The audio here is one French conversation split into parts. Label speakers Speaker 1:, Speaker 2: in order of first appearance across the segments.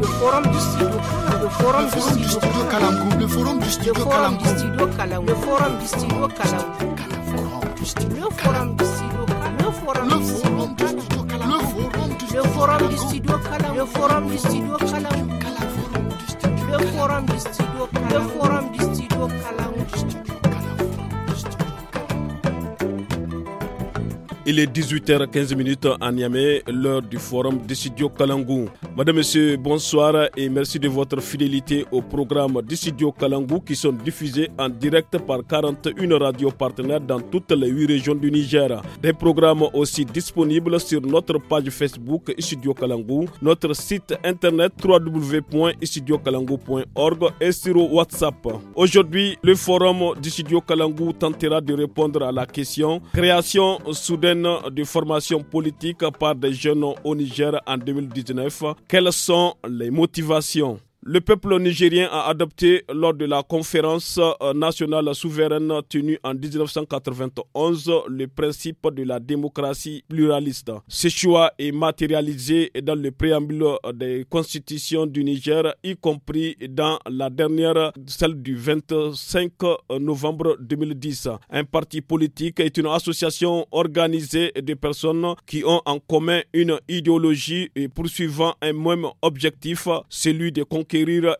Speaker 1: le forum du studio le forum du studio Kalamkou le forum du studio Kalamkou le forum du studio Kalamkou le forum du studio le forum du studio le forum du studio le forum du studio le forum du studio le forum du studio
Speaker 2: Il est 18h15 à Niamey, l'heure du forum Dissidio Kalangou. Madame, Monsieur, bonsoir et merci de votre fidélité au programme d'Issidio Kalangou qui sont diffusés en direct par 41 radios partenaires dans toutes les 8 régions du Niger. Des programmes aussi disponibles sur notre page Facebook Studio Kalangou, notre site internet www.studiokalangou.org et sur WhatsApp. Aujourd'hui, le forum d'Issidio Kalangou tentera de répondre à la question création soudaine de formation politique par des jeunes au Niger en 2019 quelles sont les motivations le peuple nigérien a adopté lors de la conférence euh, nationale souveraine tenue en 1991 le principe de la démocratie pluraliste. Ce choix est matérialisé dans le préambule euh, des constitutions du Niger, y compris dans la dernière, celle du 25 euh, novembre 2010. Un parti politique est une association organisée de personnes qui ont en commun une idéologie et poursuivant un même objectif, celui de conquérir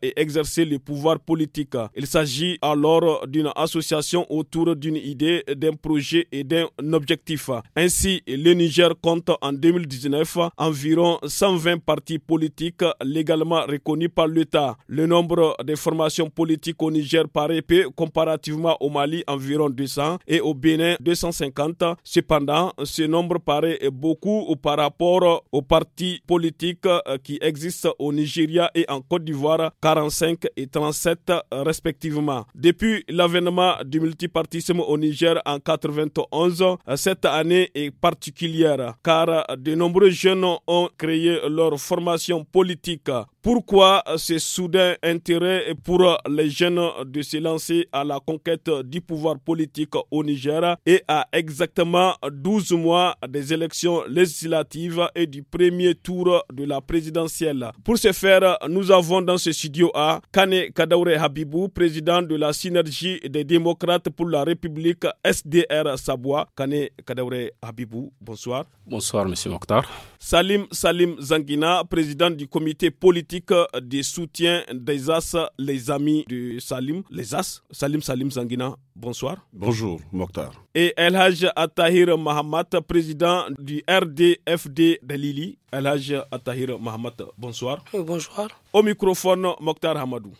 Speaker 2: et exercer les pouvoirs politiques. Il s'agit alors d'une association autour d'une idée, d'un projet et d'un objectif. Ainsi, le Niger compte en 2019 environ 120 partis politiques légalement reconnus par l'État. Le nombre de formations politiques au Niger paraît peu comparativement au Mali environ 200 et au Bénin 250. Cependant, ce nombre paraît beaucoup par rapport aux partis politiques qui existent au Nigeria et en Côte d'Ivoire. 45 et 37 respectivement. Depuis l'avènement du multipartisme au Niger en 91, cette année est particulière car de nombreux jeunes ont créé leur formation politique. Pourquoi ce soudain intérêt pour les jeunes de se lancer à la conquête du pouvoir politique au Niger et à exactement 12 mois des élections législatives et du premier tour de la présidentielle Pour ce faire, nous avons dans ce studio à Kane Kadaure Habibou, président de la synergie des démocrates pour la République SDR Savoie. Kane Kadaure Habibou, bonsoir.
Speaker 3: Bonsoir, monsieur Mokhtar.
Speaker 2: Salim Salim Zangina, président du comité politique des soutien des As, les amis de Salim. Les As Salim Salim Zangina, Bonsoir.
Speaker 4: Bonjour, Mokhtar.
Speaker 2: Et El Haj Atahir Mahamat, président du RDFD de El Haj Atahir Mahamat, bonsoir. Bonsoir. Au microphone, Mokhtar Hamadou.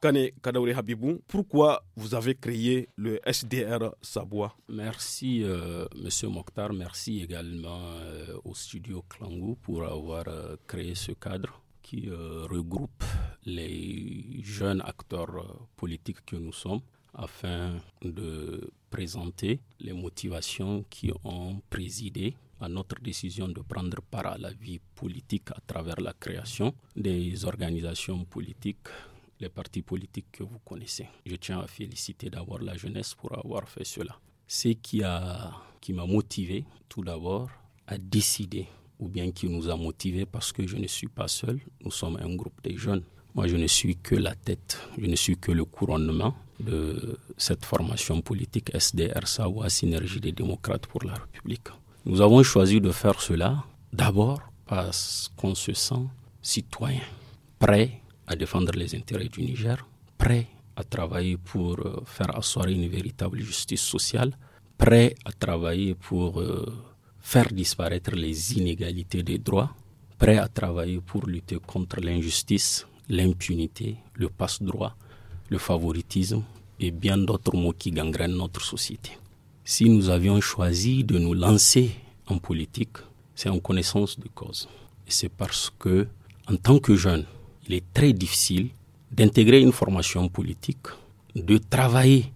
Speaker 2: Kane Habibou, pourquoi
Speaker 3: vous avez créé le SDR Sabois Merci, euh, Monsieur Mokhtar. Merci également euh, au studio Klangou pour avoir euh, créé ce cadre qui regroupe les jeunes acteurs politiques que nous sommes afin de présenter les motivations qui ont présidé à notre décision de prendre part à la vie politique à travers la création des organisations politiques les partis politiques que vous connaissez. Je tiens à féliciter d'avoir la jeunesse pour avoir fait cela. Ce qui a, qui m'a motivé, tout d'abord, à décider, ou bien qui nous a motivés, parce que je ne suis pas seul, nous sommes un groupe de jeunes. Moi, je ne suis que la tête, je ne suis que le couronnement de cette formation politique SDR ou Synergie des démocrates pour la République. Nous avons choisi de faire cela d'abord parce qu'on se sent citoyen, prêt à défendre les intérêts du Niger, prêt à travailler pour euh, faire asseoir une véritable justice sociale, prêt à travailler pour euh, faire disparaître les inégalités des droits, prêt à travailler pour lutter contre l'injustice, l'impunité, le passe-droit, le favoritisme et bien d'autres mots qui gangrènent notre société. Si nous avions choisi de nous lancer en politique, c'est en connaissance de cause. Et c'est parce que, en tant que jeunes, il est très difficile d'intégrer une formation politique, de travailler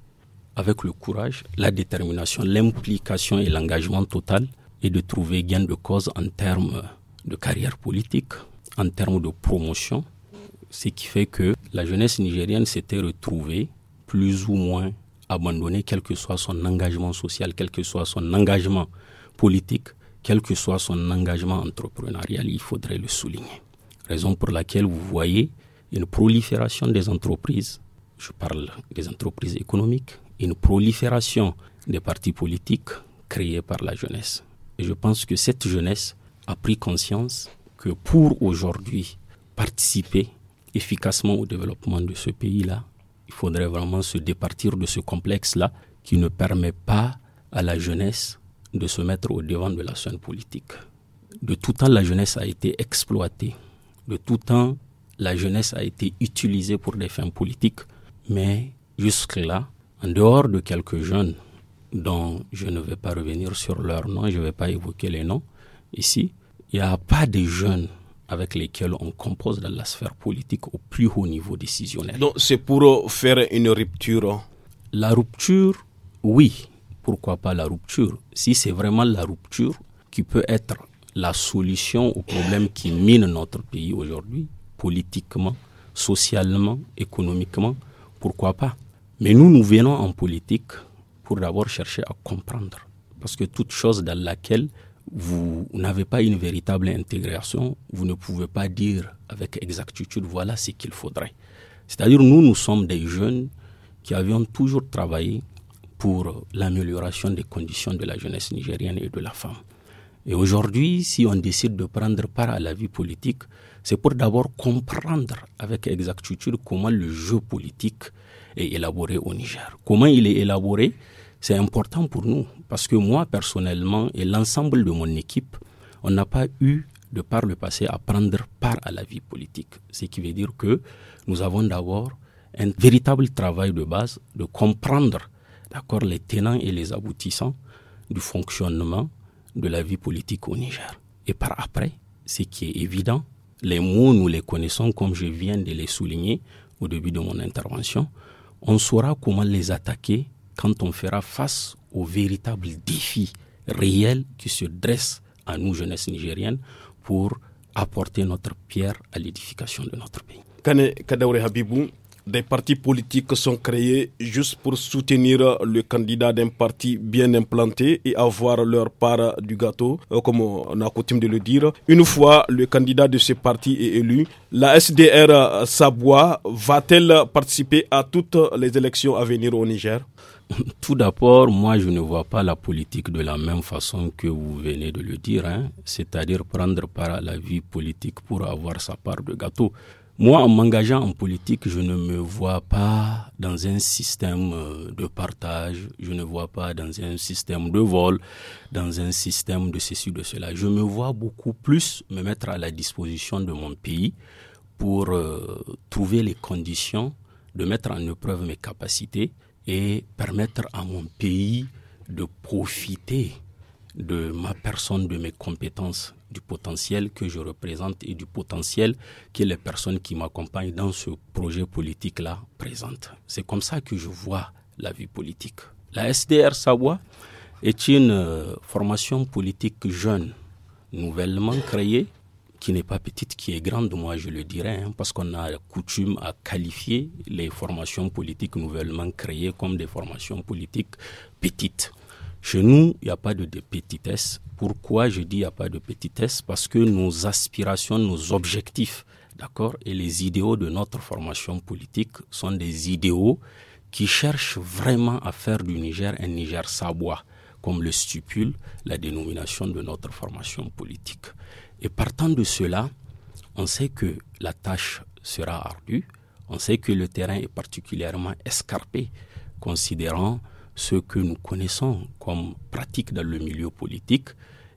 Speaker 3: avec le courage, la détermination, l'implication et l'engagement total et de trouver gain de cause en termes de carrière politique, en termes de promotion, ce qui fait que la jeunesse nigérienne s'était retrouvée plus ou moins abandonnée, quel que soit son engagement social, quel que soit son engagement politique, quel que soit son engagement entrepreneurial, il faudrait le souligner. Raison pour laquelle vous voyez une prolifération des entreprises, je parle des entreprises économiques, une prolifération des partis politiques créés par la jeunesse. Et je pense que cette jeunesse a pris conscience que pour aujourd'hui participer efficacement au développement de ce pays-là, il faudrait vraiment se départir de ce complexe-là qui ne permet pas à la jeunesse de se mettre au devant de la scène politique. De tout temps, la jeunesse a été exploitée de tout temps, la jeunesse a été utilisée pour des fins politiques, mais jusque-là, en dehors de quelques jeunes dont je ne vais pas revenir sur leur nom, je ne vais pas évoquer les noms ici, il n'y a pas de jeunes avec lesquels on compose dans la sphère politique au plus haut niveau décisionnel.
Speaker 2: Donc c'est pour euh, faire
Speaker 3: une rupture La rupture, oui. Pourquoi pas la rupture Si c'est vraiment la rupture qui peut être la solution aux problèmes qui mine notre pays aujourd'hui, politiquement, socialement, économiquement, pourquoi pas Mais nous, nous venons en politique pour d'abord chercher à comprendre. Parce que toute chose dans laquelle vous n'avez pas une véritable intégration, vous ne pouvez pas dire avec exactitude voilà ce qu'il faudrait. C'est-à-dire nous, nous sommes des jeunes qui avions toujours travaillé pour l'amélioration des conditions de la jeunesse nigérienne et de la femme. Et aujourd'hui, si on décide de prendre part à la vie politique, c'est pour d'abord comprendre avec exactitude comment le jeu politique est élaboré au Niger. Comment il est élaboré, c'est important pour nous, parce que moi, personnellement, et l'ensemble de mon équipe, on n'a pas eu de par le passé à prendre part à la vie politique. Ce qui veut dire que nous avons d'abord un véritable travail de base de comprendre d'accord les tenants et les aboutissants du fonctionnement de la vie politique au Niger. Et par après, ce qui est évident, les mots, nous les connaissons comme je viens de les souligner au début de mon intervention. On saura comment les attaquer quand on fera face aux véritables défis réels qui se dressent à nous, jeunesse nigérienne, pour apporter notre pierre à l'édification de notre pays des partis politiques
Speaker 2: sont créés juste pour soutenir le candidat d'un parti bien implanté et avoir leur part du gâteau, euh, comme on a coutume de le dire. Une fois le candidat de ce parti est élu, la SDR Sabois va-t-elle participer à toutes
Speaker 3: les élections à venir au Niger tout d'abord, moi, je ne vois pas la politique de la même façon que vous venez de le dire, hein. c'est-à-dire prendre part à la vie politique pour avoir sa part de gâteau. Moi, en m'engageant en politique, je ne me vois pas dans un système euh, de partage, je ne vois pas dans un système de vol, dans un système de ceci, de cela. Je me vois beaucoup plus me mettre à la disposition de mon pays pour euh, trouver les conditions de mettre en épreuve mes capacités et permettre à mon pays de profiter de ma personne, de mes compétences du potentiel que je représente et du potentiel que les personnes qui m'accompagnent dans ce projet politique-là présentent. C'est comme ça que je vois la vie politique. La SDR Savoie est une euh, formation politique jeune, nouvellement créée, qui n'est pas petite, qui est grande, moi je le dirais, hein, parce qu'on a coutume à qualifier les formations politiques nouvellement créées comme des formations politiques petites. Chez nous, il n'y a pas de, de Pourquoi je dis il n'y a pas de petitesse Parce que nos aspirations, nos objectifs, d'accord, et les idéaux de notre formation politique sont des idéaux qui cherchent vraiment à faire du Niger un Niger sabois, comme le stipule la dénomination de notre formation politique. Et partant de cela, on sait que la tâche sera ardue, on sait que le terrain est particulièrement escarpé, considérant ce que nous connaissons comme pratique dans le milieu politique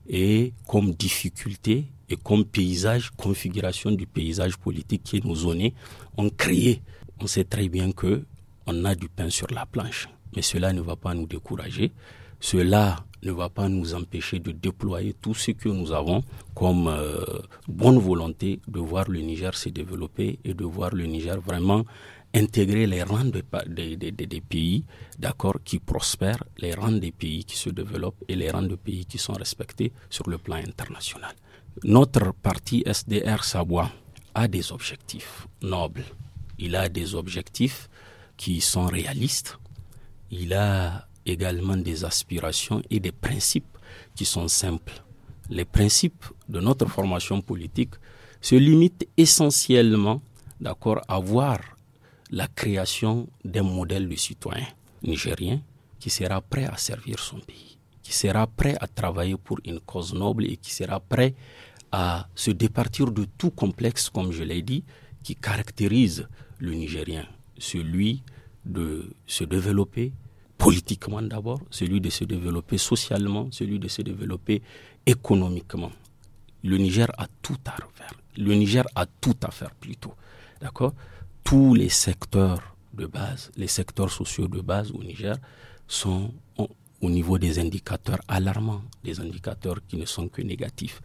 Speaker 3: et comme difficulté et comme paysage, configuration du paysage politique qui est nos zones, on créé On sait très bien que on a du pain sur la planche, mais cela ne va pas nous décourager. Cela ne va pas nous empêcher de déployer tout ce que nous avons comme euh, bonne volonté de voir le Niger se développer et de voir le Niger vraiment intégrer les rangs des pays, d'accord, qui prospèrent, les rangs des pays qui se développent et les rangs de pays qui sont respectés sur le plan international. Notre parti SDR Savoie a des objectifs nobles. Il a des objectifs qui sont réalistes. Il a également des aspirations et des principes qui sont simples. Les principes de notre formation politique se limitent essentiellement, d'accord, à voir la création d'un modèle de citoyen nigérien qui sera prêt à servir son pays, qui sera prêt à travailler pour une cause noble et qui sera prêt à se départir de tout complexe, comme je l'ai dit, qui caractérise le Nigérien, celui de se développer politiquement d'abord, celui de se développer socialement, celui de se développer économiquement. Le Niger a tout à refaire. Le Niger a tout à faire plutôt. D'accord tous les secteurs de base, les secteurs sociaux de base au Niger sont au niveau des indicateurs alarmants, des indicateurs qui ne sont que négatifs.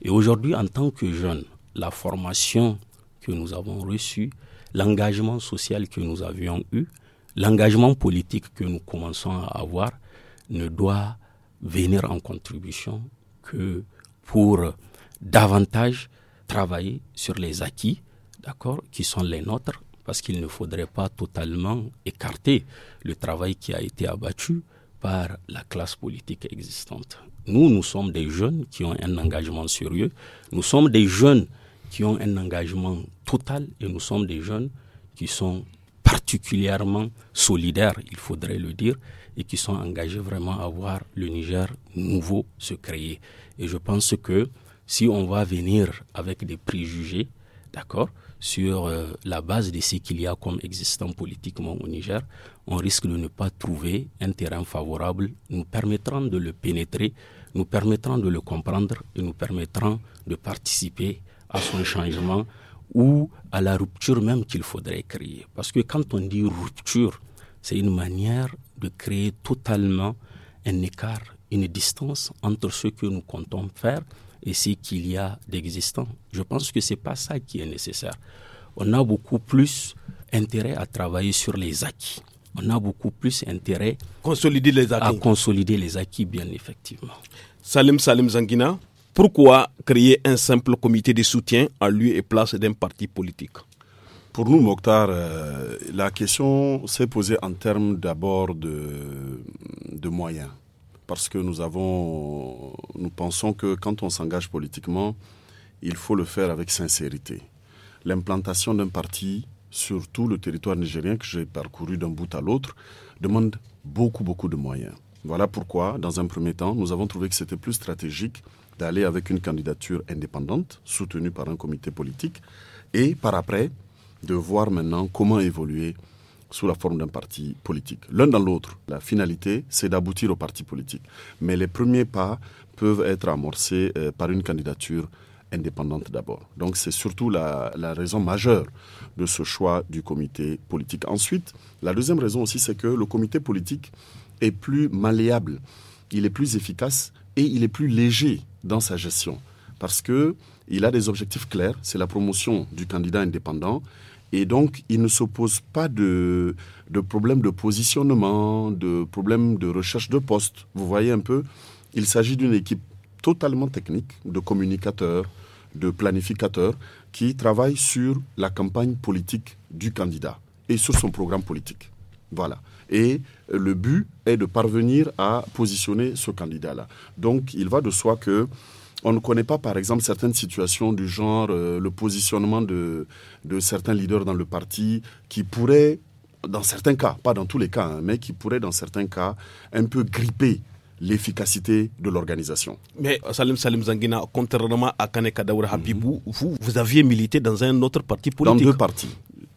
Speaker 3: Et aujourd'hui, en tant que jeunes, la formation que nous avons reçue, l'engagement social que nous avions eu, l'engagement politique que nous commençons à avoir ne doit venir en contribution que pour davantage travailler sur les acquis, d'accord, qui sont les nôtres parce qu'il ne faudrait pas totalement écarter le travail qui a été abattu par la classe politique existante. Nous, nous sommes des jeunes qui ont un engagement sérieux, nous sommes des jeunes qui ont un engagement total et nous sommes des jeunes qui sont particulièrement solidaires, il faudrait le dire, et qui sont engagés vraiment à voir le Niger nouveau se créer. Et je pense que si on va venir avec des préjugés, d'accord, sur euh, la base de ce qu'il y a comme existant politiquement au Niger, on risque de ne pas trouver un terrain favorable nous permettant de le pénétrer, nous permettant de le comprendre et nous permettant de participer à son changement ou à la rupture même qu'il faudrait créer. Parce que quand on dit rupture, c'est une manière de créer totalement un écart, une distance entre ce que nous comptons faire et ce qu'il y a d'existant. Je pense que ce n'est pas ça qui est nécessaire. On a beaucoup plus intérêt à travailler sur les acquis. On a beaucoup plus intérêt consolider les à consolider les acquis, bien effectivement.
Speaker 2: Salim Salim Zangina, pourquoi créer un simple comité de soutien à lui et
Speaker 4: place d'un parti politique Pour nous, Mokhtar, euh, la question s'est posée en termes d'abord de moyens parce que nous avons, nous pensons que quand on s'engage politiquement, il faut le faire avec sincérité. L'implantation d'un parti sur tout le territoire nigérien que j'ai parcouru d'un bout à l'autre demande beaucoup, beaucoup de moyens. Voilà pourquoi, dans un premier temps, nous avons trouvé que c'était plus stratégique d'aller avec une candidature indépendante, soutenue par un comité politique, et par après, de voir maintenant comment évoluer sous la forme d'un parti politique. L'un dans l'autre, la finalité, c'est d'aboutir au parti politique. Mais les premiers pas peuvent être amorcés euh, par une candidature indépendante d'abord. Donc c'est surtout la, la, raison majeure de ce choix du comité politique. Ensuite, la deuxième raison aussi, c'est que le comité politique est plus malléable, il est plus efficace et il est plus léger dans sa gestion parce que il a des objectifs clairs, c'est la promotion du candidat indépendant et donc, il ne s'oppose pas de, de problème de positionnement, de problème de recherche de poste. Vous voyez un peu, il s'agit d'une équipe totalement technique, de communicateurs, de planificateurs, qui travaillent sur la campagne politique du candidat et sur son programme politique. Voilà. Et le but est de parvenir à positionner ce candidat-là. Donc, il va de soi que on ne connaît pas, par exemple, certaines situations du genre euh, le positionnement de, de, certains leaders dans le parti qui pourraient, dans certains cas, pas dans tous les cas, hein, mais qui pourraient, dans certains cas, un peu gripper l'efficacité de l'organisation.
Speaker 2: Mais Salim Salim Zangina, contrairement à Kane Kadawur mhm. Habibou, vous, vous aviez milité dans un autre parti politique Dans deux partis.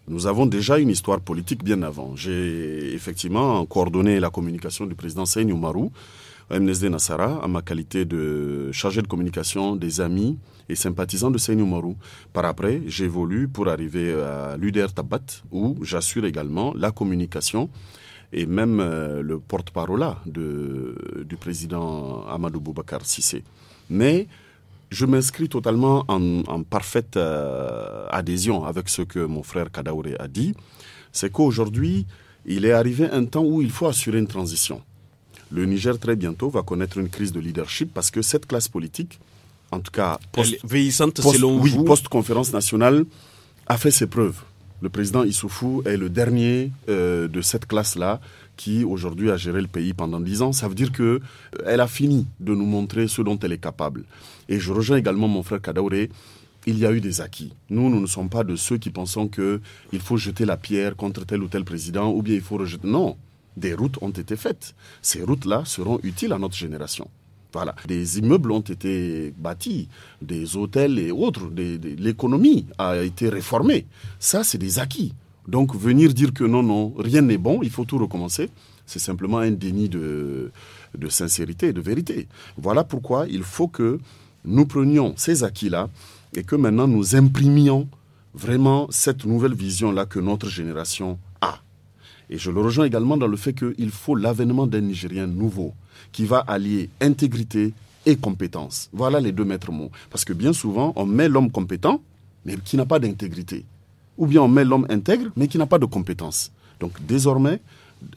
Speaker 4: Nous avons déjà une histoire politique bien avant. J'ai effectivement coordonné la communication du président Seyni Oumarou, MNSD Nassara à ma qualité de chargé de communication des amis et sympathisants de Seyni Oumarou. Par après, j'évolue pour arriver à l'UDR Tabat où j'assure également la communication et même euh, le porte-parole du président Amadou Boubacar Sissé. Mais je m'inscris totalement en, parfaite euh, adhésion avec ce que mon frère Kadaouré a dit. C'est qu'aujourd'hui, il est arrivé un temps où il faut assurer une transition le Niger très bientôt va connaître une crise de leadership parce que cette classe politique, en tout cas post, selon oui, post conférence nationale, a fait ses preuves. Le président Issoufou est le dernier euh, de cette classe-là qui aujourd'hui a géré le pays pendant dix ans. Ça veut dire que euh, elle a fini de nous montrer ce dont elle est capable. Et je rejoins également mon frère Kadaouré il y a eu des acquis. Nous, nous ne sommes pas de ceux qui pensons que il faut jeter la pierre contre tel ou tel président ou bien il faut rejeter. Non, des routes ont été faites. Ces routes-là seront utiles à notre génération. Voilà. Des immeubles ont été bâtis, des hôtels et autres. L'économie a été réformée. Ça, c'est des acquis. Donc venir dire que non, non, rien n'est bon, il faut tout recommencer, c'est simplement un déni de, de sincérité et de vérité. Voilà pourquoi il faut que nous prenions ces acquis-là et que maintenant nous imprimions vraiment cette nouvelle vision-là que notre génération et je le rejoins également dans le fait qu'il faut l'avènement d'un Nigérien nouveau qui va allier intégrité et compétence. Voilà les deux maîtres mots. Parce que bien souvent, on met l'homme compétent, mais qui n'a pas d'intégrité. Ou bien on met l'homme intègre, mais qui n'a pas de compétence. Donc désormais,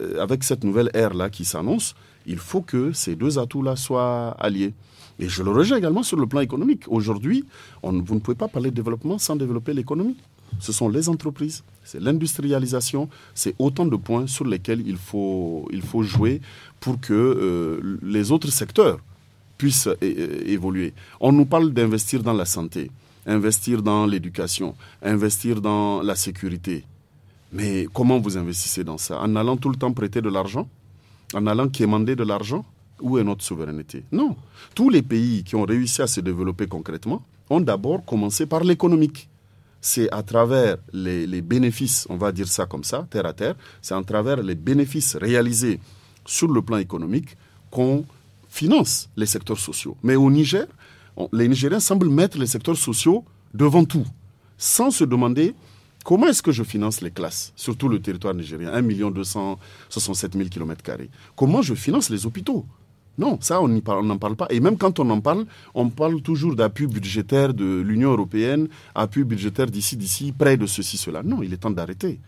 Speaker 4: euh, avec cette nouvelle ère-là qui s'annonce, il faut que ces deux atouts-là soient alliés. Et je le rejoins également sur le plan économique. Aujourd'hui, vous ne pouvez pas parler de développement sans développer l'économie. Ce sont les entreprises c'est l'industrialisation, c'est autant de points sur lesquels il faut, jouer pour que euh, les autres secteurs puissent évoluer. On nous parle d'investir dans la santé, investir dans l'éducation, investir dans la sécurité. Mais comment vous investissez dans ça En allant tout le temps prêter de l'argent En allant quémander de l'argent Où est notre souveraineté Non. Tous les pays qui ont réussi à se développer concrètement ont d'abord commencé par l'économique c'est à travers les, bénéfices, on va dire ça comme ça, terre à terre, c'est à travers les bénéfices réalisés sur le plan économique qu'on finance les secteurs sociaux. Mais au Niger, les Nigériens semblent mettre les secteurs sociaux devant tout, sans se demander Comment est-ce que je finance les classes, surtout le territoire nigérien, 1 267 000 km Comment je finance les hôpitaux non, ça, on n'en parle pas. Et même quand on en parle, on parle toujours d'appui budgétaire de l'Union européenne, appui budgétaire d'ici, d'ici, près de ceci, cela. Non, il est temps d'arrêter.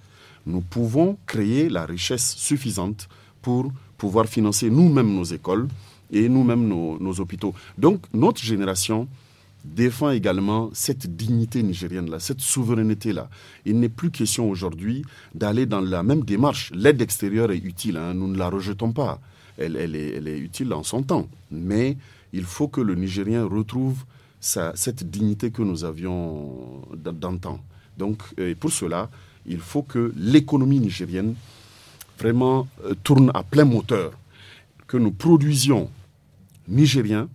Speaker 4: Nous pouvons créer la richesse suffisante pour pouvoir financer nous-mêmes nos écoles et nous-mêmes nos, hôpitaux. Donc, notre génération défend également cette dignité nigérienne-là, cette souveraineté-là. Il n'est plus question aujourd'hui d'aller dans la même démarche. L'aide extérieure est utile, hein, nous ne la rejetons pas elle, est, utile en son temps. Mais il faut que le Nigérien retrouve cette dignité que nous avions d'antan. Donc, euh, pour cela, il faut que l'économie nigérienne vraiment euh, tourne à plein moteur, que nous produisions nigériens,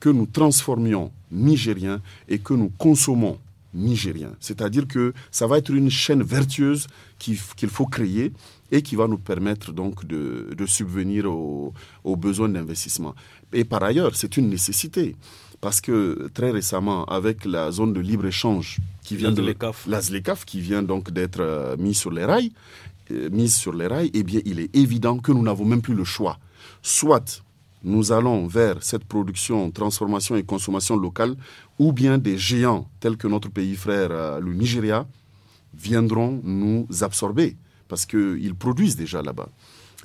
Speaker 4: que nous transformions nigériens et que nous consommons nigériens. C'est-à-dire que ça va être une chaîne vertueuse qu'il faut créer et qui va nous permettre donc de, subvenir aux, besoins d'investissement. Et par ailleurs, c'est une nécessité parce que très récemment, avec la zone de libre-échange qui vient de l'ASLECAF, qui vient donc d'être euh, mise sur les rails, euh, mise sur les rails, eh bien, il est évident que nous n'avons même plus le choix. Soit nous allons vers cette production, transformation et consommation locale, ou bien des géants tels que notre pays frère, euh, le Nigeria, viendront nous absorber parce qu'ils produisent déjà là-bas.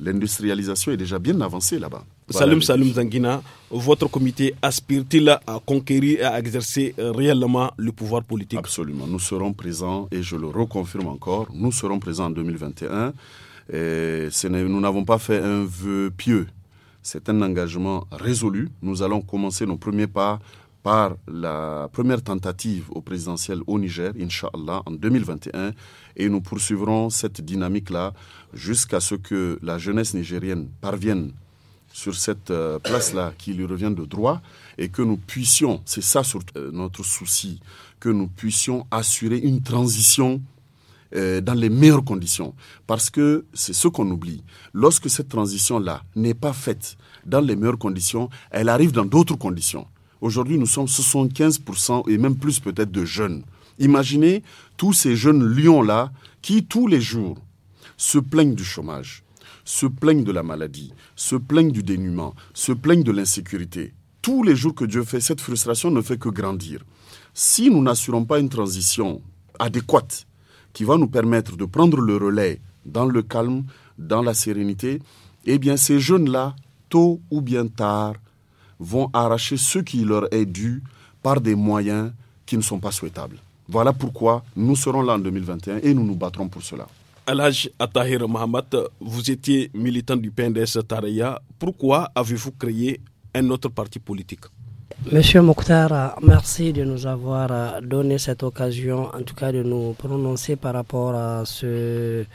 Speaker 4: L'industrialisation est déjà bien avancée là-bas. Salut Salut Zangina, votre comité aspire-t-il à conquérir et à exercer euh, réellement le pouvoir politique Absolument, nous serons présents et je le reconfirme encore, nous serons présents en 2021. nous n'avons pas fait un vœu pieux, c'est un engagement résolu. Nous allons commencer nos premiers pas par la première tentative au présidentiel au Niger, inshallah en 2021. Et nous poursuivrons cette dynamique-là jusqu'à ce que la jeunesse nigérienne parvienne sur cette euh, place-là qui lui revient de droit et que nous puissions, c'est ça euh, notre souci, que nous puissions assurer une transition euh, dans les meilleures conditions. Parce que c'est ce qu'on oublie. Lorsque cette transition-là n'est pas faite dans les meilleures conditions, elle arrive dans d'autres conditions. Aujourd'hui, nous sommes 75% et même plus peut-être de jeunes. Imaginez tous ces jeunes lions-là qui, tous les jours, se plaignent du chômage, se plaignent de la maladie, se plaignent du dénuement, se plaignent de l'insécurité. Tous les jours que Dieu fait, cette frustration ne fait que grandir. Si nous n'assurons pas une transition adéquate qui va nous permettre de prendre le relais dans le calme, dans la sérénité, eh bien ces jeunes-là, tôt ou bien tard, vont arracher ce qui leur est dû par des moyens qui ne sont pas souhaitables. Voilà pourquoi nous serons là en 2021 et nous nous battrons pour cela.
Speaker 2: Alaj Atahir Mohamed, vous étiez militant du PNDS Tareya. Pourquoi avez-vous créé un autre parti politique
Speaker 1: Monsieur Mokhtar, merci de nous avoir donné cette occasion, en tout cas de nous prononcer par rapport à ce,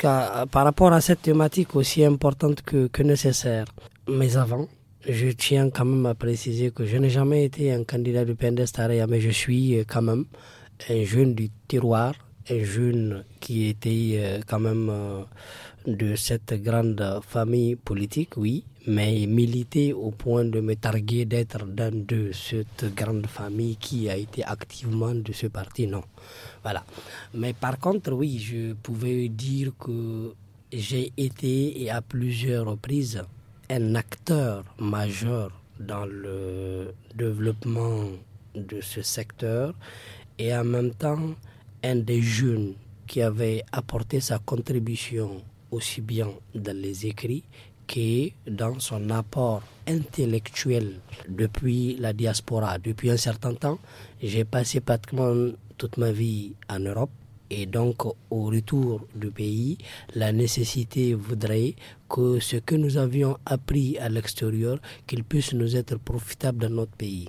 Speaker 1: par rapport à cette thématique aussi importante que nécessaire. Mais avant, je tiens quand même à préciser que je n'ai jamais été un candidat du PNDS hein, mais je suis euh, quand même un jeune du tiroir, un jeune qui était euh, quand même euh, de cette grande famille politique, oui, mais milité au point de me targuer d'être dans de cette grande famille qui a été activement de ce parti, non. Voilà. Mais par contre, oui, je pouvais dire que j'ai été et à plusieurs reprises un acteur majeur dans le développement de ce secteur et en même temps un des jeunes qui avait apporté sa contribution aussi bien dans les écrits que dans son apport intellectuel depuis la diaspora. Depuis un certain temps, j'ai passé pratiquement toute ma vie en Europe et donc, au retour du pays, la nécessité voudrait que ce que nous avions appris à l'extérieur, qu'il puisse nous être profitable dans notre pays.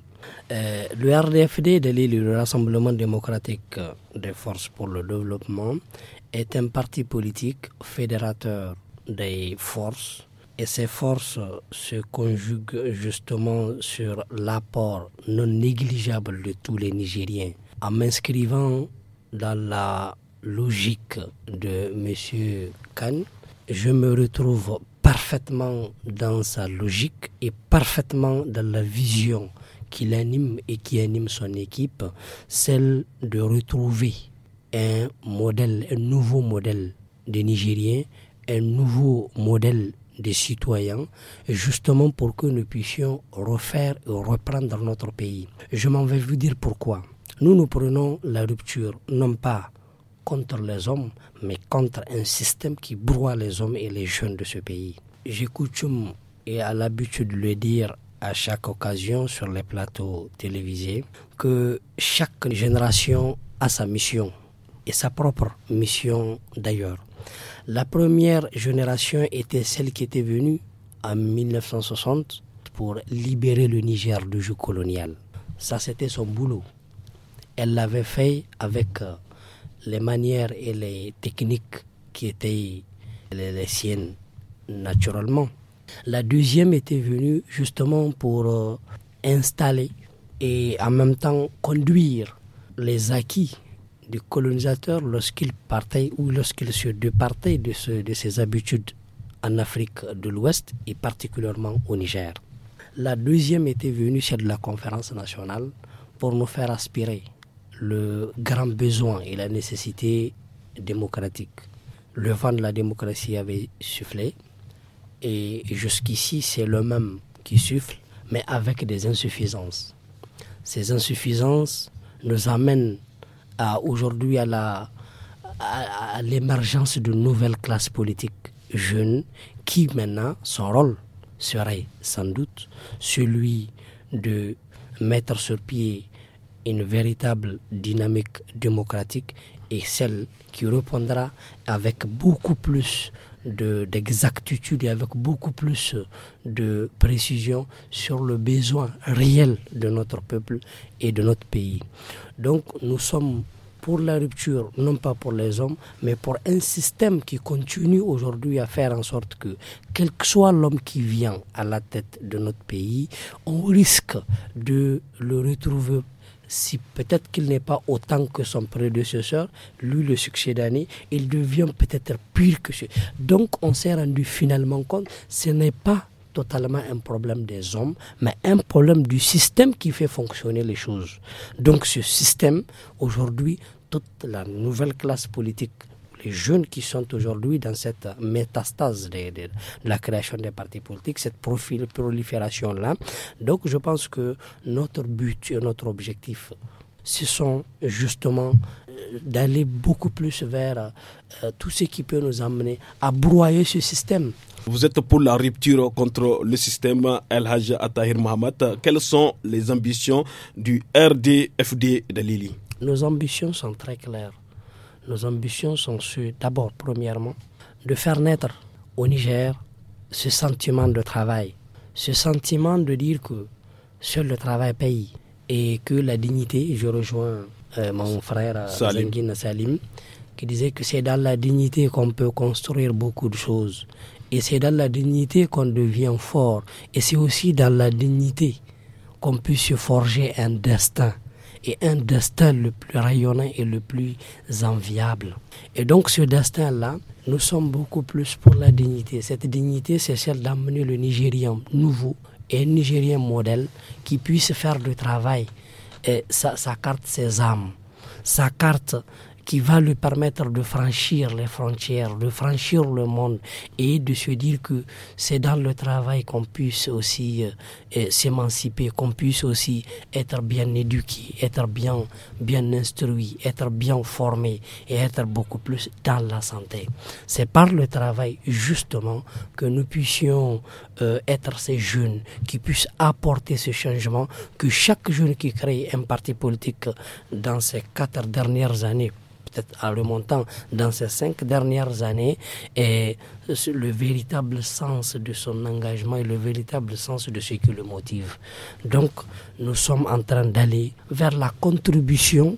Speaker 1: Euh, le RDFD de le Rassemblement démocratique des forces pour le développement, est un parti politique fédérateur des forces et ces forces se conjuguent justement sur l'apport non négligeable de tous les Nigériens en m'inscrivant dans la logique de M. Kahn, je me retrouve parfaitement dans sa logique et parfaitement dans la vision qu'il anime et qui anime son équipe, celle de retrouver un modèle, un nouveau modèle des Nigériens, un nouveau modèle des citoyens, justement pour que nous puissions refaire et reprendre notre pays. Je m'en vais vous dire pourquoi. Nous nous prenons la rupture, non pas contre les hommes, mais contre un système qui broie les hommes et les jeunes de ce pays. J'ai coutume et à l'habitude de le dire à chaque occasion sur les plateaux télévisés que chaque génération a sa mission et sa propre mission d'ailleurs. La première génération était celle qui était venue en 1960 pour libérer le Niger du joug colonial. Ça, c'était son boulot elle l'avait fait avec euh, les manières et les techniques qui étaient les, siennes naturellement. La deuxième était venue justement pour euh, installer et en même temps conduire les acquis du colonisateur lorsqu'il partait ou lorsqu'il se départait de, de ses habitudes en Afrique de l'Ouest et particulièrement au Niger. La deuxième était venue, celle de la conférence nationale, pour nous faire aspirer le grand besoin et la nécessité démocratique. Le vent de la démocratie avait soufflé et jusqu'ici c'est le même qui souffle mais avec des insuffisances. Ces insuffisances nous amènent aujourd'hui à la à, à l'émergence de nouvelles classes politiques jeunes qui maintenant son rôle serait sans doute celui de mettre sur pied une véritable dynamique démocratique et celle qui répondra avec beaucoup plus d'exactitude et avec beaucoup plus de précision sur le besoin réel de notre peuple et de notre pays. Donc nous sommes pour la rupture, non pas pour les hommes, mais pour un système qui continue aujourd'hui à faire en sorte que, quel que soit l'homme qui vient à la tête de notre pays, on risque de le retrouver si peut-être qu'il n'est pas autant que son prédécesseur, lui le d'année il devient peut-être pire que ce. Donc on s'est rendu finalement compte, ce n'est pas totalement un problème des hommes, mais un problème du système qui fait fonctionner les choses. Donc ce système, aujourd'hui, toute la nouvelle classe politique les jeunes qui sont aujourd'hui dans cette métastase de, la création des partis politiques, cette profil, prolifération-là. Donc je pense que notre but et notre objectif, ce sont justement euh, d'aller beaucoup plus vers euh, tout ce qui peut nous amener à broyer ce système.
Speaker 2: Vous êtes pour la rupture contre le système El Hajj Atahir Mohamed. Quelles sont les ambitions du RDFD de Lili
Speaker 1: Nos ambitions sont très claires. Nos ambitions sont ceux, d'abord, premièrement, de faire naître au Niger ce sentiment de travail, ce sentiment de dire que seul le travail paye et que la dignité, je rejoins euh, mon frère euh, Salim. Salim, qui disait que c'est dans la dignité qu'on peut construire beaucoup de choses. Et c'est dans la dignité qu'on devient fort. Et c'est aussi dans la dignité qu'on puisse forger un destin et un destin le plus rayonnant et le plus enviable. Et donc ce destin-là, nous sommes beaucoup plus pour la dignité. Cette dignité, c'est celle d'amener le Nigérien nouveau et un Nigérien modèle qui puisse faire du travail et sa, sa carte ses âmes, sa carte qui va lui permettre de franchir les frontières, de franchir le monde et de se dire que c'est dans le travail qu'on puisse aussi euh, s'émanciper, qu'on puisse aussi être bien éduqué, être bien, bien instruit, être bien formé et être beaucoup plus dans la santé. C'est par le travail justement que nous puissions euh, être ces jeunes qui puissent apporter ce changement, que chaque jeune qui crée un parti politique dans ces quatre dernières années peut-être en remontant dans ces cinq dernières années, et le véritable sens de son engagement et le véritable sens de ce qui le motive. Donc, nous sommes en train d'aller vers la contribution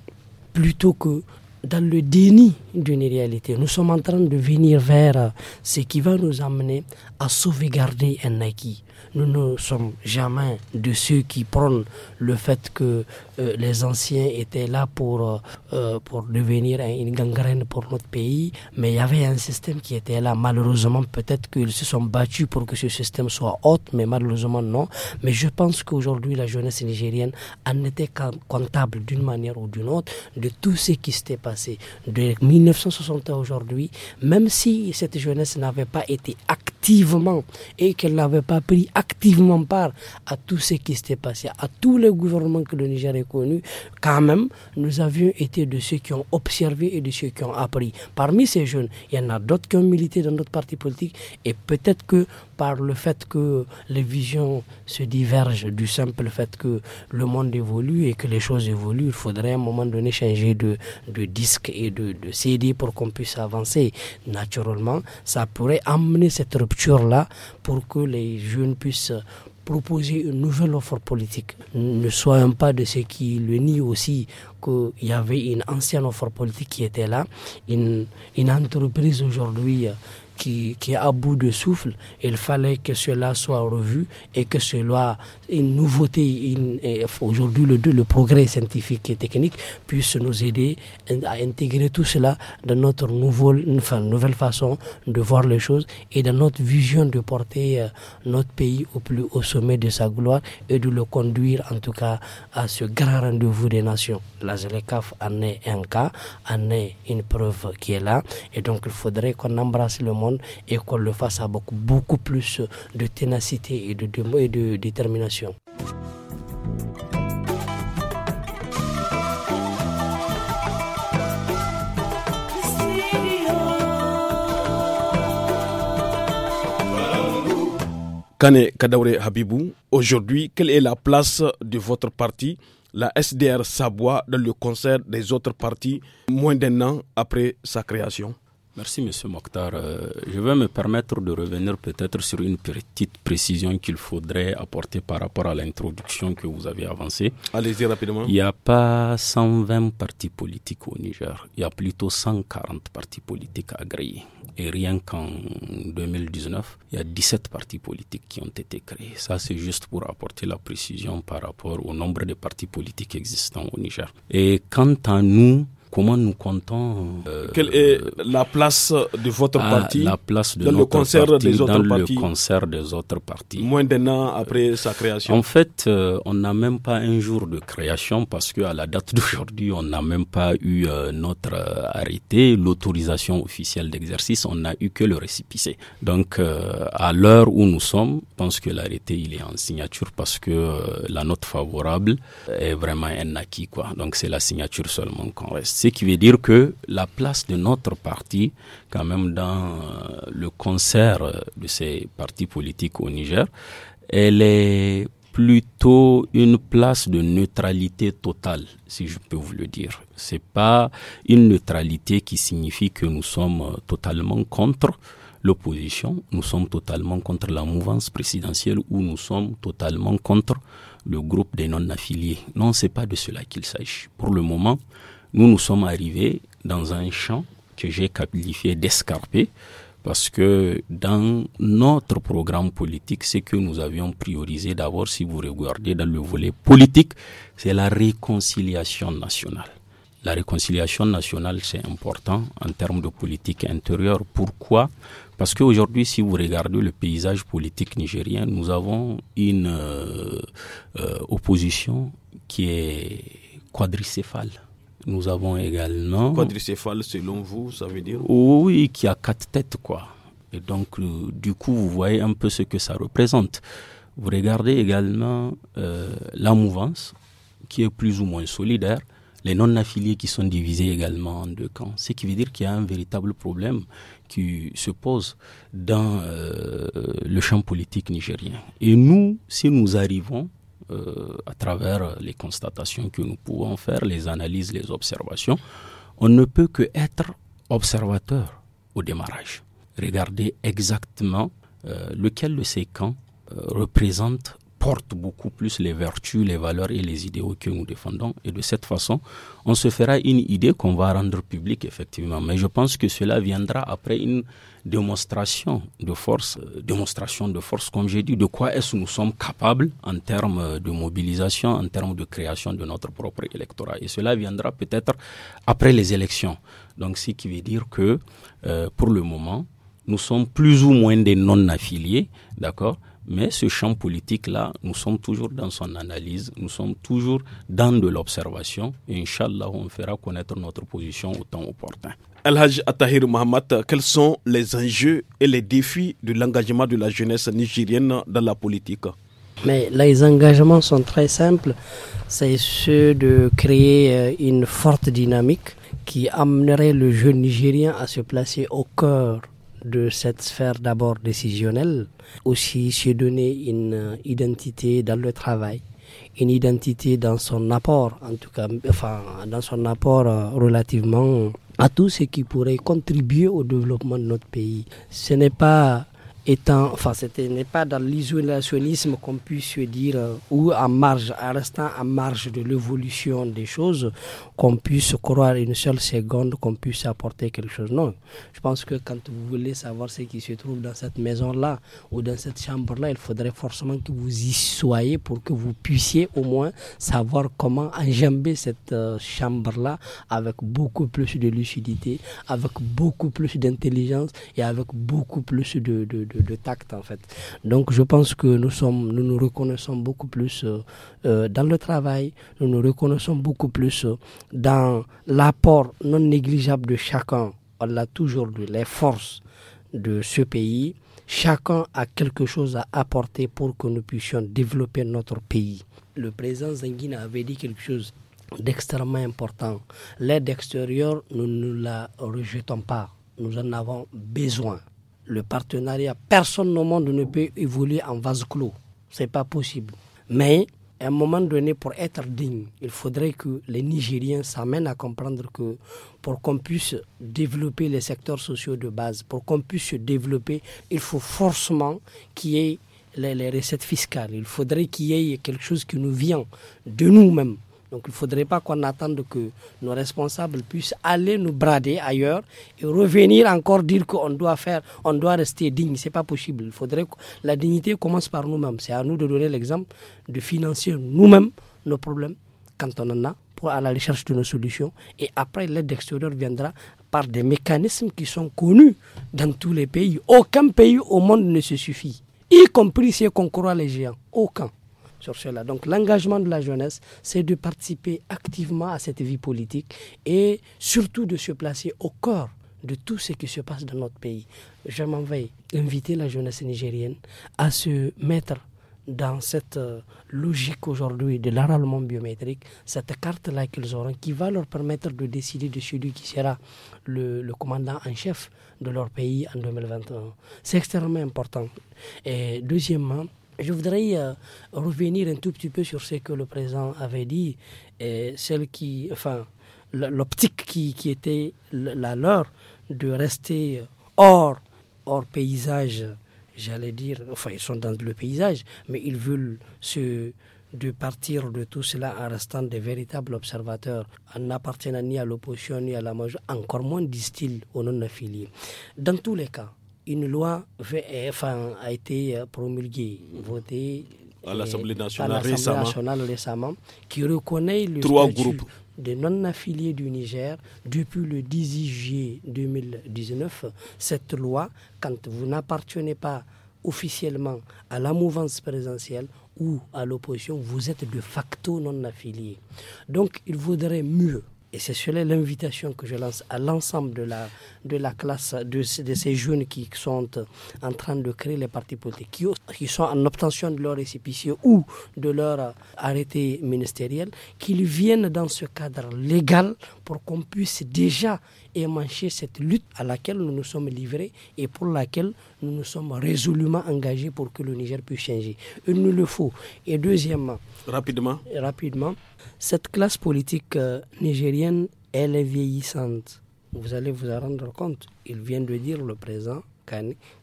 Speaker 1: plutôt que dans le déni d'une réalité. Nous sommes en train de venir vers ce qui va nous amener à sauvegarder un acquis. Nous ne sommes jamais de ceux qui prônent le fait que euh, les anciens étaient là pour, euh, euh, pour devenir une gangrène pour notre pays, mais il y avait un système qui était là. Malheureusement, peut-être qu'ils se sont battus pour que ce système soit haute, mais malheureusement non. Mais je pense qu'aujourd'hui, la jeunesse nigérienne en était comptable d'une manière ou d'une autre de tout ce qui s'était passé de 1960 à aujourd'hui, même si cette jeunesse n'avait pas été activement et qu'elle n'avait pas pris activement part à tout ce qui s'était passé, à tous les gouvernements que le Niger a connus, quand même, nous avions été de ceux qui ont observé et de ceux qui ont appris. Parmi ces jeunes, il y en a d'autres qui ont milité dans notre parti politique et peut-être que par le fait que les visions se divergent du simple fait que le monde évolue et que les choses évoluent. Il faudrait à un moment donné changer de, de disque et de, de CD pour qu'on puisse avancer. Naturellement, ça pourrait amener cette rupture-là pour que les jeunes puissent proposer une nouvelle offre politique. Ne soyons pas de ceux qui le nient aussi qu'il y avait une ancienne offre politique qui était là, une entreprise aujourd'hui qui, est à bout de souffle. Il fallait que cela soit revu et que cela, une nouveauté, aujourd'hui le, le progrès scientifique et technique puisse nous aider à intégrer tout cela dans notre nouveau, une nouvelle façon de voir les choses et dans notre vision de porter euh, notre pays au plus haut sommet de sa gloire et de le conduire en tout cas à ce grand rendez-vous des nations. La ZLECAF en est un cas, en est une preuve qui est là et donc il faudrait qu'on embrasse le monde et qu'on le fasse avec beaucoup plus de ténacité et de, détermination.
Speaker 2: Kane Kadaure Habibou, aujourd'hui, quelle est la place de votre parti, la SDR Savoie, dans le concert des autres partis, moins d'un an après sa création
Speaker 3: Merci, Monsieur Mokhtar. Euh, je vais me permettre de revenir peut-être sur une petite précision qu'il faudrait apporter par rapport à l'introduction que vous avez avancée. Allez-y rapidement. Il n'y a pas 120 partis politiques au Niger. Il y a plutôt 140 partis politiques agréés. Et rien qu'en 2019, il y a 17 partis politiques qui ont été créés. Ça, c'est juste pour apporter la précision par rapport au nombre de partis politiques existants au Niger. Et quant à nous, comment nous comptons. Euh, Quelle est la place de votre ah, parti La place de dans le concert des autres parties, partis. Moins d'un an après sa création. En fait, euh, on n'a même pas un jour de création parce que à la date d'aujourd'hui, on n'a même pas eu euh, notre arrêté, l'autorisation officielle d'exercice. On n'a eu que le récipicé. Donc, à l'heure où nous sommes, je pense que l'arrêté il est en signature parce que la note favorable est vraiment un acquis quoi. Donc, c'est la signature seulement qu'on reste. Ce qui veut dire que la place de notre parti, quand même dans euh, le concert euh, de ces partis politiques au Niger, elle est plutôt une place de neutralité totale, si je peux vous le dire. C'est pas une neutralité qui signifie que nous sommes euh, totalement contre l'opposition, nous sommes totalement contre la mouvance présidentielle ou nous sommes totalement contre le groupe des non-affiliés. Non, c'est pas de cela qu'il s'agit. Pour le moment, nous, nous sommes arrivés dans un champ que j'ai qualifié d'escarpé parce que dans notre programme politique, ce que nous avions priorisé d'abord, si vous regardez dans le volet politique, c'est la réconciliation nationale. La réconciliation nationale, c'est important en termes de politique intérieure. Pourquoi Parce qu'aujourd'hui, si vous regardez le paysage politique nigérien, nous avons une euh, euh, opposition qui est quadricéphale. Nous avons également.
Speaker 2: Quadricéphale, selon vous, ça veut dire oh, Oui,
Speaker 3: qui a quatre têtes, quoi. Et donc, euh, du coup, vous voyez un peu ce que ça représente. Vous regardez également euh, la mouvance, qui est plus ou moins solidaire. Les non-affiliés qui sont divisés également en deux camps. Ce qui veut dire qu'il y a un véritable problème qui se pose dans euh, le champ politique nigérien. Et nous, si nous arrivons euh, à travers les constatations que nous pouvons faire, les analyses, les observations, on ne peut que être observateur au démarrage. Regarder exactement euh, lequel de ces camps euh, représente porte beaucoup plus les vertus, les valeurs et les idéaux que nous défendons. Et de cette façon, on se fera une idée qu'on va rendre publique, effectivement. Mais je pense que cela viendra après une démonstration de force, euh, démonstration de force, comme j'ai dit, de quoi est-ce que nous sommes capables en termes euh, de mobilisation, en termes de création de notre propre électorat. Et cela viendra peut-être après les élections. Donc, ce qui veut dire que, euh, pour le moment, nous sommes plus ou moins des non-affiliés, d'accord mais ce champ politique-là, nous sommes toujours dans son analyse, nous sommes toujours dans de l'observation. Et Inch'Allah, on fera connaître notre position au temps opportun.
Speaker 2: Alhaj Atahir Mohamed, quels sont les enjeux et les défis de l'engagement de la jeunesse nigérienne dans la politique
Speaker 1: Mais les engagements sont très simples. C'est ceux de créer euh, une forte dynamique qui amènerait le jeune nigérien à se placer au cœur de cette sphère d'abord décisionnelle, aussi se donner une euh, identité dans le travail, une identité dans son apport, en tout cas, enfin, dans son apport euh, relativement à tout ce qui pourrait contribuer au développement de notre pays. Ce n'est pas étant, enfin, ce n'est pas dans l'isolationnisme qu'on puisse se dire, euh, ou en marge, en restant en marge de l'évolution des choses, qu'on puisse croire une seule seconde qu'on puisse apporter quelque chose. Non, je pense que quand vous voulez savoir ce qui se trouve dans cette maison-là ou dans cette chambre-là, il faudrait forcément que vous y soyez pour que vous puissiez au moins savoir comment enjamber cette euh, chambre-là avec beaucoup plus de lucidité, avec beaucoup plus d'intelligence et avec beaucoup plus de, de, de, tact en fait. Donc je pense que nous, sommes, nous nous reconnaissons beaucoup plus euh, euh, dans le travail, nous nous reconnaissons beaucoup plus dans l'apport non négligeable de chacun, on a toujours les forces de ce pays, chacun a quelque chose à apporter pour que nous puissions développer notre pays. Le président Zengine avait dit quelque chose d'extrêmement important. L'aide extérieure, nous ne la rejetons pas. Nous en avons besoin. Le partenariat, personne au monde ne peut évoluer en vase clos. Ce n'est pas possible. Mais un moment donné, pour être digne, il faudrait que les Nigériens s'amènent à comprendre que pour qu'on puisse développer les secteurs sociaux de base, pour qu'on puisse se développer, il faut forcément qu'il y ait les, les recettes fiscales. Il faudrait qu'il y ait quelque chose qui nous vient de nous-mêmes. Donc il ne faudrait pas qu'on attende que nos responsables puissent aller nous brader ailleurs et revenir encore dire qu'on doit faire, on doit rester digne. C'est pas possible. Il faudrait que la dignité commence par nous-mêmes. C'est à nous de donner l'exemple, de financer nous-mêmes nos problèmes quand on en a pour à la recherche de nos solutions. Et après, l'aide extérieure viendra par des mécanismes qui sont connus dans tous les pays. Aucun pays au monde ne se suffit, y compris ceux qu'on croit les géants. Aucun sur cela. Donc l'engagement de la jeunesse, c'est de participer activement à cette vie politique et surtout de se placer au corps de tout ce qui se passe dans notre pays. Je m'en vais inviter la jeunesse nigérienne à se mettre dans cette euh, logique aujourd'hui de l'enrôlement biométrique, cette carte-là qu'ils auront qui va leur permettre de décider de celui qui sera le, le commandant en chef de leur pays en 2021. C'est extrêmement important. Et deuxièmement, je voudrais euh, revenir un tout petit peu sur ce que le président avait dit, et celle qui, enfin, l'optique qui, était la leur de rester hors, hors paysage, j'allais dire, enfin, ils sont dans le paysage, mais ils veulent se, de partir de tout cela en restant des véritables observateurs, en n'appartenant ni à l'opposition ni à la majorité, encore moins, disent-ils, aux non-affiliés. Dans tous les cas, une loi a été euh, promulguée, votée à euh, l'Assemblée nationale, récemment, qui reconnaît le Trois statut de non-affiliés du Niger depuis le 18 juillet 2019. Cette loi, quand vous n'appartenez pas officiellement à la mouvance présidentielle ou à l'opposition, vous êtes de facto non affilié. Donc il vaudrait mieux et c'est cela l'invitation que je lance à l'ensemble de la, de la classe, de, de, ces jeunes qui sont en train de créer les partis politiques, qui, sont en obtention de leur récépissé ou de leur arrêté ministériel, qu'ils viennent dans ce cadre légal pour qu'on puisse déjà émancher cette lutte à laquelle nous nous sommes livrés et pour laquelle nous nous sommes résolument engagés pour que le Niger puisse changer. Il nous le faut. Et deuxièmement, rapidement, rapidement cette classe politique euh, nigérienne, elle est vieillissante. Vous allez vous en rendre compte. Il vient de dire le présent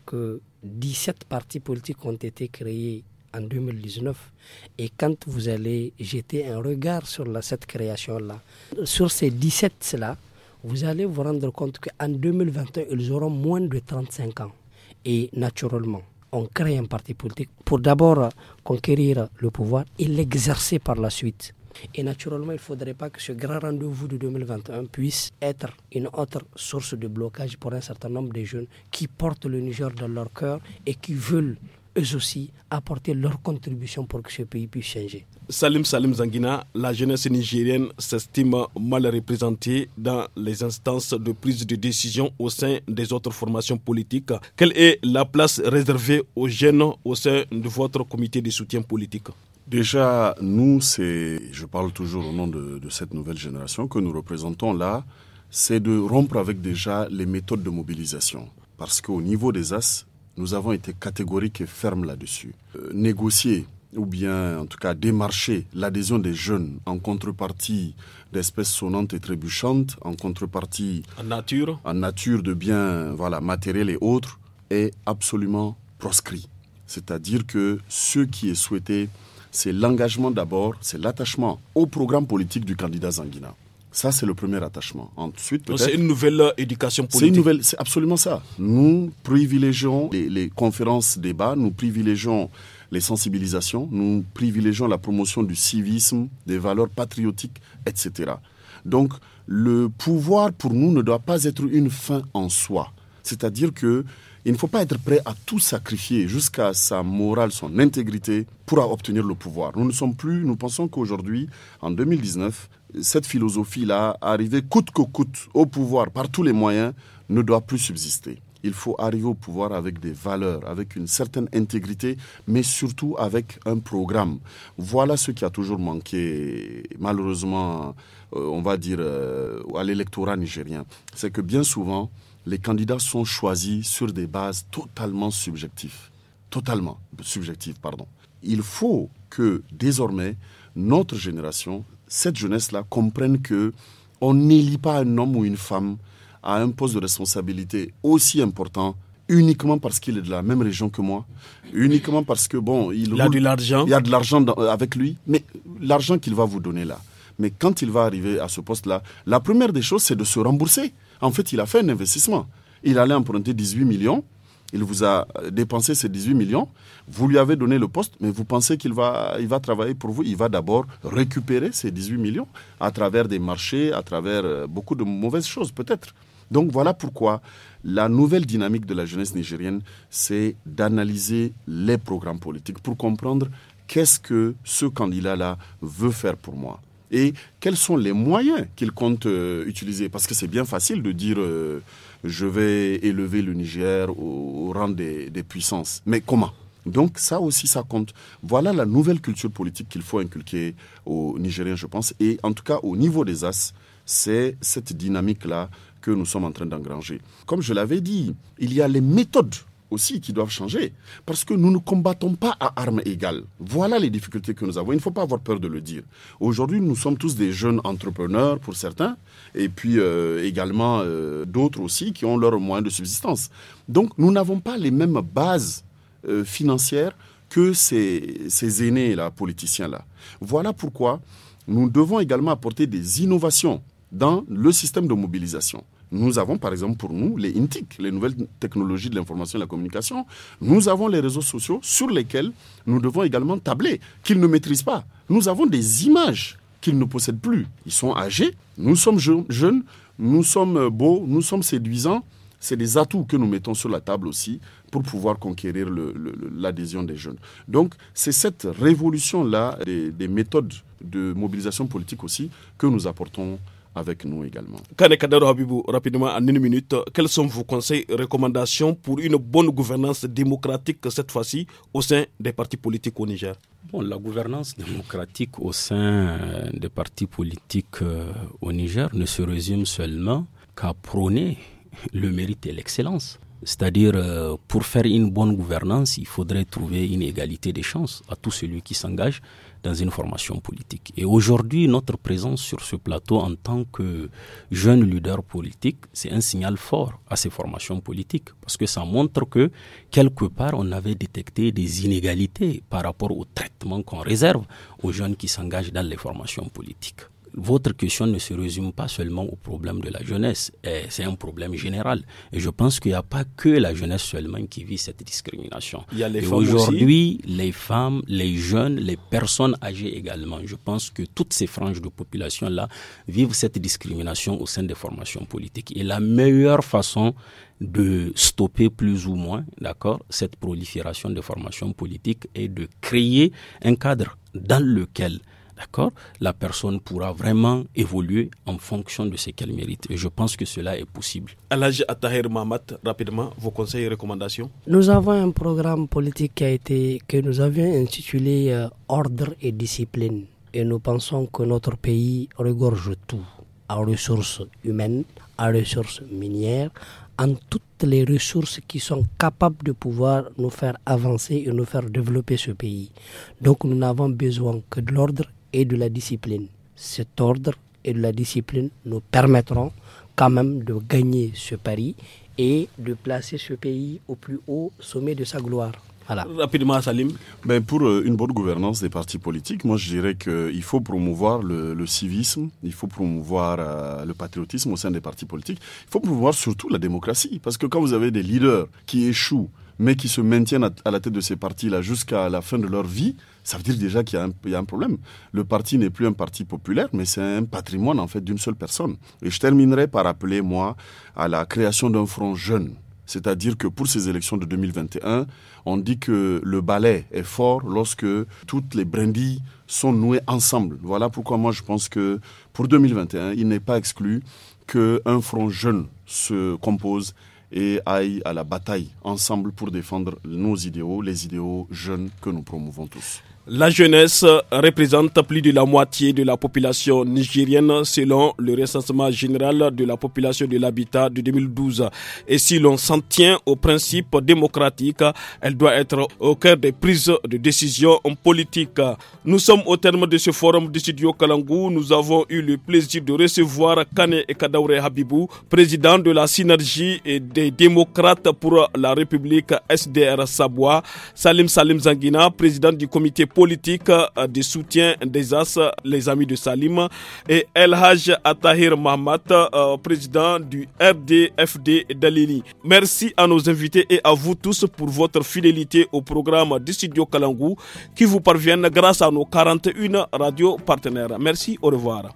Speaker 1: que 17 partis politiques ont été créés en 2019. Et quand vous allez jeter un regard sur la, cette création-là, sur ces 17-là, vous allez vous rendre compte qu'en 2021, ils auront moins de 35 ans. Et naturellement, on crée un parti politique pour d'abord conquérir le pouvoir et l'exercer par la suite. Et naturellement, il ne faudrait pas que ce grand rendez-vous de 2021 puisse être une autre source de blocage pour un certain nombre de jeunes qui portent le Niger dans leur cœur et qui veulent aussi apporter leur contribution pour que ce pays puisse changer.
Speaker 2: Salim Salim Zangina, la jeunesse nigérienne s'estime mal représentée dans les instances de prise de décision au sein des autres formations politiques. Quelle est la place réservée
Speaker 4: aux jeunes au sein de votre comité de soutien politique Déjà, nous, c'est, je parle toujours au nom de, de cette nouvelle génération que nous représentons là, c'est de rompre avec déjà les méthodes de mobilisation. Parce qu'au niveau des As, nous avons été catégoriques et fermes là-dessus. Euh, négocier ou bien en tout cas démarcher l'adhésion des jeunes en contrepartie d'espèces sonnantes et trébuchantes, en contrepartie
Speaker 2: en nature,
Speaker 4: en nature de biens voilà matériels et autres, est absolument proscrit. C'est-à-dire que ce qui est souhaité, c'est l'engagement d'abord, c'est l'attachement au programme politique du candidat Zanguina. Ça, c'est le premier attachement. Ensuite, C'est une
Speaker 2: nouvelle euh, éducation politique. C'est une
Speaker 4: nouvelle, c'est absolument ça. Nous privilégions les, conférences débats, nous privilégions les sensibilisations, nous privilégions la promotion du civisme, des valeurs patriotiques, etc. Donc, le pouvoir pour nous ne doit pas être une fin en soi. C'est-à-dire que il ne faut pas être prêt à tout sacrifier jusqu'à sa morale, son intégrité pour obtenir le pouvoir. Nous ne sommes plus, nous pensons qu'aujourd'hui, en 2019, cette philosophie-là, arriver coûte que coûte au pouvoir par tous les moyens, ne doit plus subsister. Il faut arriver au pouvoir avec des valeurs, avec une certaine intégrité, mais surtout avec un programme. Voilà ce qui a toujours manqué, malheureusement, euh, on va dire, euh, à l'électorat nigérien. C'est que bien souvent, les candidats sont choisis sur des bases totalement subjectives. Totalement subjectives, pardon. Il faut que désormais, notre génération, cette jeunesse-là comprenne que on n'élit pas un homme ou une femme à un poste de responsabilité aussi important uniquement parce qu'il est de la même région que moi, uniquement parce que bon, il, a de l'argent, il y a de l'argent euh, avec lui, mais l'argent qu'il va vous donner là. Mais quand il va arriver à ce poste-là, la première des choses, c'est de se rembourser. En fait, il a fait un investissement. Il allait emprunter 18 millions. Il vous a dépensé ces 18 millions, vous lui avez donné le poste, mais vous pensez qu'il va, il va travailler pour vous. Il va d'abord récupérer ces 18 millions à travers des marchés, à travers euh, beaucoup de mauvaises choses peut-être. Donc voilà pourquoi la nouvelle dynamique de la jeunesse nigérienne, c'est d'analyser les programmes politiques pour comprendre qu'est-ce que ce candidat-là veut faire pour moi et quels sont les moyens qu'il compte euh, utiliser. Parce que c'est bien facile de dire... Euh, je vais élever le Niger au, rang des, des puissances. Mais comment donc ça aussi, ça compte. Voilà la nouvelle culture politique qu'il faut inculquer aux Nigériens, je pense. Et en tout cas, au niveau des As, c'est cette dynamique-là que nous sommes en train d'engranger. Comme je l'avais dit, il y a les méthodes aussi qui doivent changer. Parce que nous ne combattons pas à armes égales. Voilà les difficultés que nous avons. Il ne faut pas avoir peur de le dire. Aujourd'hui, nous sommes tous des jeunes entrepreneurs pour certains, et puis euh, également euh, d'autres aussi qui ont leurs moyens de subsistance. Donc nous n'avons pas les mêmes bases euh, financières que ces, ces aînés-là, politiciens-là. Voilà pourquoi nous devons également apporter des innovations dans le système de mobilisation. Nous avons par exemple pour nous les INTIC, les nouvelles technologies de l'information et de la communication. Nous avons les réseaux sociaux sur lesquels nous devons également tabler, qu'ils ne maîtrisent pas. Nous avons des images qu'ils ne possèdent plus. Ils sont âgés, nous sommes jeunes, nous sommes euh, beaux, nous sommes séduisants. C'est des atouts que nous mettons sur la table aussi pour pouvoir conquérir l'adhésion des jeunes. Donc c'est cette révolution-là des, des méthodes de mobilisation politique aussi que nous apportons avec nous également.
Speaker 2: Kane Habibou, rapidement, en une minute, quels sont vos conseils, recommandations pour une bonne gouvernance démocratique cette fois-ci au sein des partis politiques au Niger bon, La gouvernance
Speaker 3: démocratique au sein euh, des partis politiques euh, au Niger ne se résume seulement qu'à prôner le mérite et l'excellence. C'est-à-dire, euh, pour faire une bonne gouvernance, il faudrait trouver une égalité des chances à tout celui qui s'engage dans une formation politique. Et aujourd'hui, notre présence sur ce plateau en tant que jeune leader politique, c'est un signal fort à ces formations politiques, parce que ça montre que quelque part, on avait détecté des inégalités par rapport au traitement qu'on réserve aux jeunes qui s'engagent dans les formations politiques votre question ne se résume pas seulement au problème de la jeunesse, eh, c'est un problème général. Et je pense qu'il n'y a pas que la jeunesse seulement qui vit cette discrimination. Il y a les Et aujourd'hui, les femmes, les jeunes, les personnes âgées également, je pense que toutes ces franges de population-là vivent cette discrimination au sein des formations politiques. Et la meilleure façon de stopper plus ou moins, d'accord, cette prolifération des formations politiques est de créer un cadre dans lequel D'accord La personne pourra vraiment évoluer en fonction de ce qu'elle mérite. Et je pense que cela est possible. Alaj Atahir Mahamat, rapidement, vos conseils et recommandations
Speaker 1: Nous avons un programme politique qui a été, que nous avions intitulé euh, Ordre et discipline. Et nous pensons que notre pays regorge tout en ressources humaines, en ressources minières, en toutes les ressources qui sont capables de pouvoir nous faire avancer et nous faire développer ce pays. Donc nous n'avons besoin que de l'ordre et de la discipline. Cet ordre et de la discipline nous permettront quand même de gagner ce pari et de placer ce pays au plus haut sommet de sa gloire.
Speaker 4: Voilà. Rapidement, Salim. Ben pour euh, une bonne gouvernance des partis politiques, moi je dirais qu'il euh, faut promouvoir le, civisme, il faut promouvoir euh, le patriotisme au sein des partis politiques, il faut promouvoir surtout la démocratie, parce que quand vous avez des leaders qui échouent, mais qui se maintiennent à, à la tête de ces partis-là jusqu'à la fin de leur vie, ça veut dire déjà qu'il y, a un problème. Le parti n'est plus un parti populaire, mais c'est un patrimoine en fait d'une seule personne. Et je terminerai par appeler, moi, à la création d'un front jeune. C'est-à-dire que pour ces élections de 2021, on dit que le balai est fort lorsque toutes les brindilles sont nouées ensemble. Voilà pourquoi moi je pense que pour 2021, il n'est pas exclu qu'un front jeune se compose et aille à la bataille ensemble pour défendre nos idéaux, les idéaux jeunes que nous promouvons tous.
Speaker 2: La jeunesse représente plus de la moitié de la population nigérienne selon le recensement général de la population de l'habitat de 2012. Et si l'on s'en tient aux principes démocratiques, elle doit être au cœur des prises de décision en politique. Nous sommes au terme de ce forum du studio Kalangou. Nous avons eu le plaisir de recevoir Kane Ekadaure Habibou, président de la synergie et des démocrates pour la République SDR Sabwa, Salim Salim Zangina, président du comité politique euh, de soutien des AS, les amis de Salim, et El Haj Atahir Mahmat, euh, président du RDFD d'Alini. Merci à nos invités et à vous tous pour votre fidélité au programme du studio Kalangou qui vous parviennent grâce à nos 41 radios partenaires. Merci, au revoir.